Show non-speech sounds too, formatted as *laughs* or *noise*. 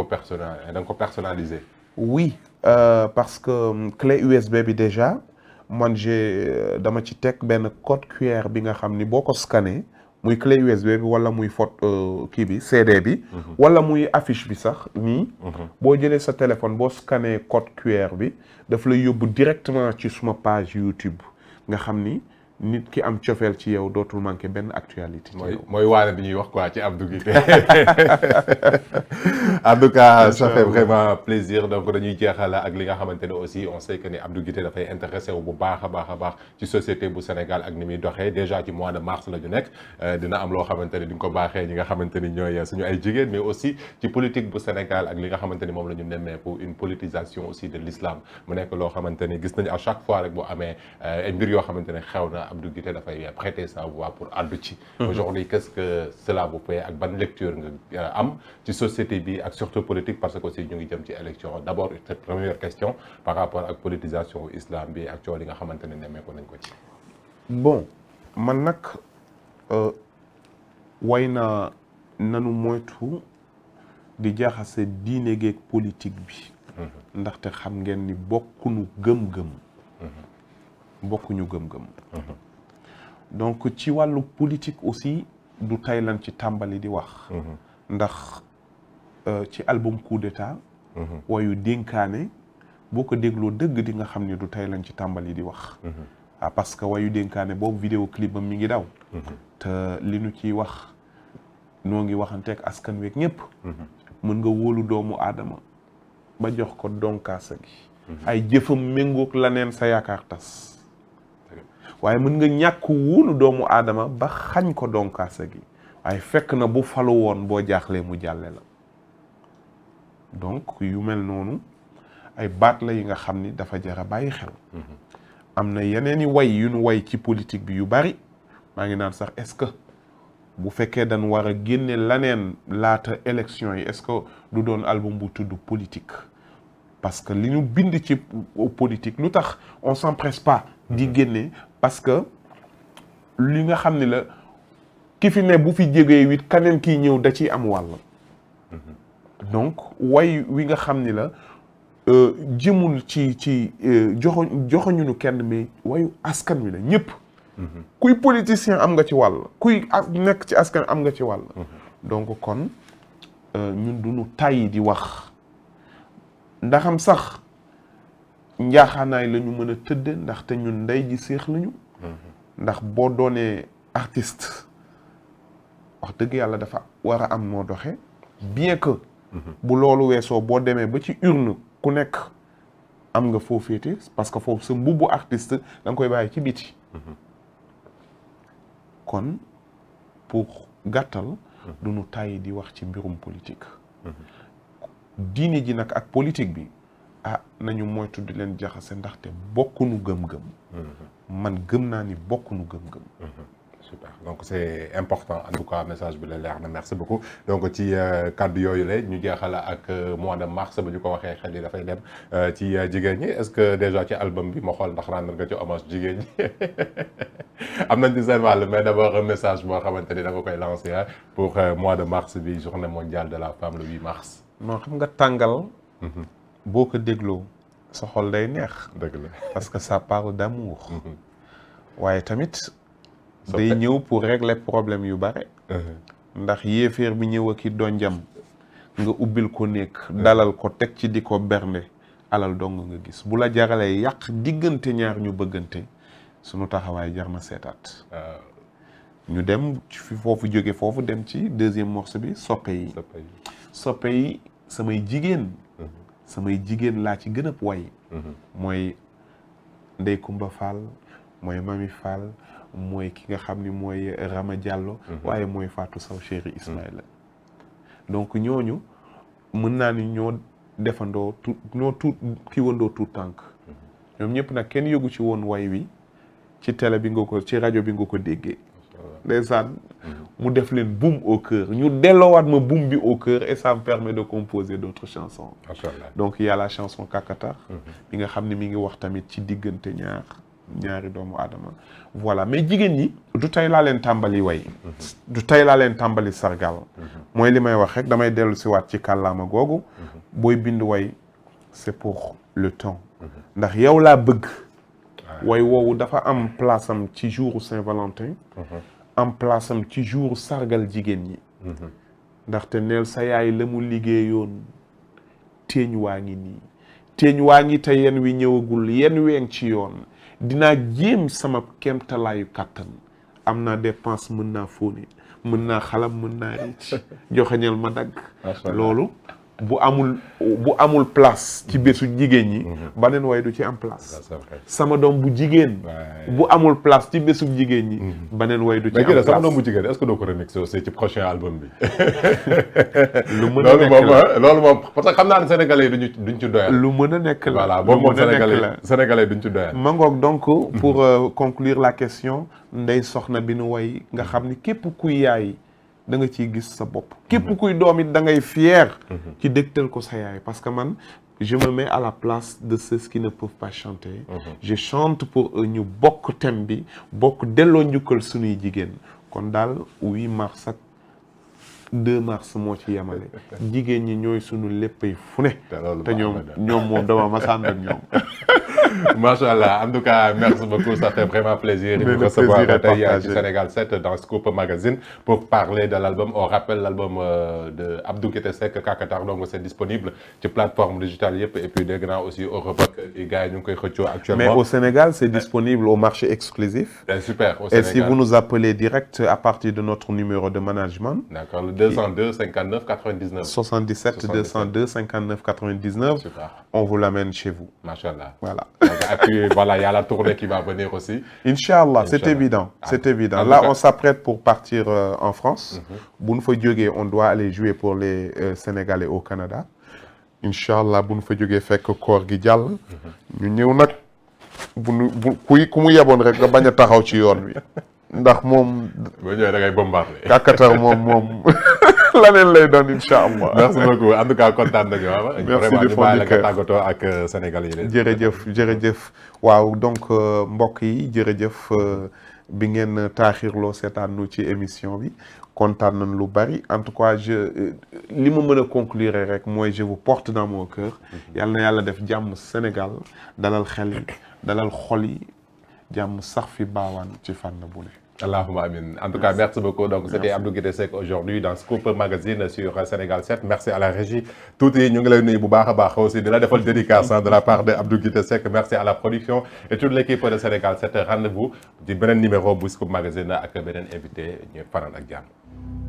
ko personnal ko personnalisé. oui euh, parce que clé USB bi déjà man j'ai euh, dama ci teg benn code QR bi nga xam ni boo ko scanné muy clé USB bi wala muy photo euh, kii bi CD bi. Mhm. wala muy affiche bi sax nii. Mhm. boo jëlee sa téléphone boo scanné code QR bi daf lay yóbbu directement ci suma page YouTube nga xam ni. nit ki am cofeel ci yow dootul manqué benn actualité. mooy mooy waane bi ñuy wax quoi ci Abdou Guité *laughs* *laughs* en tout cas ça fait vraiment plaisir donc dañuy jeexal ak li nga xamante ne aussi on sait que ni Abdou Guité dafay intéressé bu baax a a baax ci société bu Sénégal ak ni muy doxee déjà ci mois de mars la ñu nekk euh, dina am loo xamante ne di nga ko baaxee ñi nga xamante ni ñooy suñu ay jigéen mais aussi ci politique bu Sénégal ak li nga xamante ni moom la ñu nemmee pour une politisation aussi de l'islam mu nekk loo xamante ni gis nañu à chaque fois rek bu amee euh, ay mbir yoo xamante ne xew na Abdou Guité dafay prêter sa voix pour àddu ci mhm. aujourd'hui qu'est-ce que cela vous fait ak ban lecture nga euh, am ci société bi ak surtout politique parce que aussi ñu ngi jëm ci élection d'abord cette première question par rapport ak politisation islam bi ak coow nga xamante ne nemmeeku nañ ko ci bon man nag euh, way na nanu moytu di jaaxase diine geeg politique bi mhm. ndaxte xam ngeen ni bokkuñu gëm-gëm mhm. bokkuñu gëm-gëm donc ci wàllu politique aussi du tey lan ci tàmbali di wax mhm. ndax euh, ci album coup d'état mhm. wayu dénkaane boo ko dégloo dëgg di nga xam ne du tey lan ci tàmbali di wax mhm. ah parce que wayu dénkaane boobu vidéo clip am mi ngi daw te li nu ci wax noo ngi waxanteek askan week ñëpp mën nga wóolu doomu aadama ba jox ko donkaasa gi ay jëfam méngoog la neen sa yaakaar tas waaye mën nga ñàkk wuulu doomu aadama ba xañ ko donkaasa yi waaye fekk na bu falu woon boo jaaxlee mu jàlle la donc yu mel noonu ay baat la yi nga xam ni dafa jara bàyyi xel mm-hmm. am na yeneen i way yu nu way ci politique bi yu bari maa ngi naan sax est-ce que bu fekkee dañ war a génne laneen laata élection yi est-ce que du doon album bu tudd politique parce que li ñu bind ci politique lu tax on s'empresse pas di mm-hmm. génne parce que li nga xam ni la ki fi ne bu fi jegee wit kaneen kii ñëw da ciy am wàll mm-hmm. donc way wi nga xam ni la euh, jëmul ci ci euh, joxo joxoñunu kenn mais wayu askan wi la ñëpp mm-hmm. kuy politicien am nga ci wàll kuy nekk ci askan am nga ci wàll donc kon euh, ñun duñu tàyyi di wax ndaxam sax njaaxaanaay lañu mën a tëdde ndaxte ñun ndey ji seex lañu mm-hmm. ndax boo doonee artist wax dëgg yàlla dafa war a am noo doxe bien que mm-hmm. bu loolu weesoo boo demee ba ci urne ku nekk am nga foo féete parce que foofu sa mbubbu artist da koy bàyyi ci biti mm-hmm. kon pour gàttal du ñu tàyyi di wax ci mbirum politique diine ji nag ak politique bi ah nañu mooy di leen jaxase ndaxte bokkunu gëm-gëm. Mm-hmm. man gëm naa ni bokkunu gëm-gëm. Mm-hmm. super donc c'est important en tout cas message bi la leer na merci beaucoup donc ci euh, kàddu yooyu la ñu jeexal ak euh, mois de mars ba ñu ko waxee xel yi dafay dem euh, ci jigéen ñi est-ce que déjà ci album bi ma xool ndax rendre nga ci hommage jigéen ñi *laughs* am nañ ci seen wàll mais d'abord un message boo xamante ni da nga koy lancer pour mois de mars bi journée mondiale de la femme le 8 mars. non xam nga tàngal. Mhm. boo ko dégloo soxol day neex. dëgg *laughs* parce que ça parle d'amour. Mhm. waaye tamit. day ñëw pour régler problème yu bare. Mhm. ndax yéeféer bi ñëw ak i donjam nga ubbil ko nekk dalal ko teg ci di ko bernde alal dong nga gis bu la jaralee yàq diggante ñaar ñu bëggante sunu taxawaay jar na seetaat. ñu dem fi foofu jóge foofu dem ci deuxième morceau bi soppe yi. soppe yi samay jigéen mhm. samay jigéen laa ci gën a way mhm. mooy Ndey Kumba Fall mooy Mami Fall mooy ki nga xam ni mooy Rama Diallo mhm. waaye mooy faatu Fatou Sow chéri la donc ñooñu mën naa ni ñoo defandoo tu ñoo tout ki tànk ñoom ñëpp nag kenn yëgu ci woon way wi ci tele bi nga ko ci rajo bi nga ko déggee ndeysaan mu def leen boum au cœur ñu delloowaat ma buum bi au cœur et ça me permet de composer d'autres chansons donc il y a la chanson Kakatar mhm. bi nga xam ne mi ngi wax tamit ci diggante ñaar ñaari doomu aadama voilà mais jigéen ñi du tey laa leen tàmbali way mhm. du tey laa leen tàmbali sargal mhm. mooy li may wax rek damay dellu si waat ci kàllaama googu booy bind way c'est pour le temps ndax yow laa bëgg way woowu dafa am place am ci jour Saint-Valentin am place am ci jour sargal jigéen ñi mhm. ndaxte neel sa yaay la mu liggéeyoon teeñ waa ngi nii teeñ waa ngi te yen wi ñëwagul yen ween ci yoon dina jéem sama kemtalaayu kàttan am naa dépense mën naa fóoni mën naa xalam mën naa ricc *laughs* joxeñal ma dagg loolu bu amul bu amul place ci mm-hmm. biir suñ jigéen ñi mm-hmm. baneen way du ci am place sama doom bu jigéen bu amul place ci biir jigéen ñi mm-hmm. baneen way du ci am place bu jigéen est-ce que doo ko remixé ci prochain album bi *laughs* lu mën a nekk la ah, loolu moom parce que xam naa ne sénégalais yi duñu duñ ci doyal lu mën a nekk la voilà boobu moom sénégalais sénégalais duñ ci doyal mangoog donc pour euh, conclure la question ndey soxna bi nu way nga xam ni képp kuy yaay da nga ciy gis sa bopp mhm. képp kuy doom dangay da fier mhm. ci dégtal ko sa yaay parce que man je me mets à la place de ceux qui ne peuvent pas chanter mhm. je chante pour eux ñu bokk thème bi bokk delloo njukkal suñuy jigéen kon daal 8 mars ak 2 mars moo ci yemale jigéen ñi ñooy sunu léppay fu ne. te ñoom ñoom moom dama masaan ak ñoom. *laughs* macha allah en tout cas merci beaucoup ça fait vraiment plaisir. de nous recevoir tey ci Sénégal 7 dans Scoop Magazine pour parler de l' on rappelle l' euh, de Abdou Guité Kakatar donc c' disponible ci plateforme digitale yëpp et puis dégg naa aussi Europe ak gars yi ñu ngi koy au Sénégal c' est disponible au marché exclusif. Eh, et si vous nous appelez direct à partir de notre numéro de management. d' 202 59 99. 77 202 59 99. Super. On vous l'amène chez vous. Machallah. Voilà. Et puis *laughs* voilà, il y a la tournée qui va venir aussi. Inch'Allah, c'est évident. Ah. C'est ah. évident. Là, on s'apprête pour partir euh, en France. Bu ñu fa jógee, on doit aller jouer pour les euh, Sénégalais au Canada. Inch'Allah, bu ñu fa jógee fekk koor gi jàll. Mhm. ñu ñëw nag bu nu bu ku mu yeboon rek nga bañ a taxaw ci yoon wi. *laughs* ndax moom. boo ñëwee da ngay moom moom *laughs* laneen lay doon incha allah. merci beaucoup en ak euh, Sénégal yi leen. jërëjëf jërëjëf waaw donc euh, mbokk yi jërëjëf euh, bi ngeen taaxirloo seetaanu ci émission bi. kontaan na lu bari en tout cas je li ma mën a conclure rek mooy je vous porte dans mon cœur mhm. yal na yàlla def jàmm Sénégal dalal xel yi dalal xol yi jàmm sax fi baawaan ci fànn bu ne Allahumma amin. En tout cas, merci beaucoup. Donc, c'était Abdou Guité Seck aujourd'hui dans Scoop Magazine sur Sénégal 7. Merci à la régie. Tout est nous avons eu un aussi de la défaut dédicace de la part de Abdou Guité Seck. Merci à la production et toute l'équipe de Sénégal 7. Rendez-vous du numéro de Scoop Magazine avec un invité, Faran Agdiam.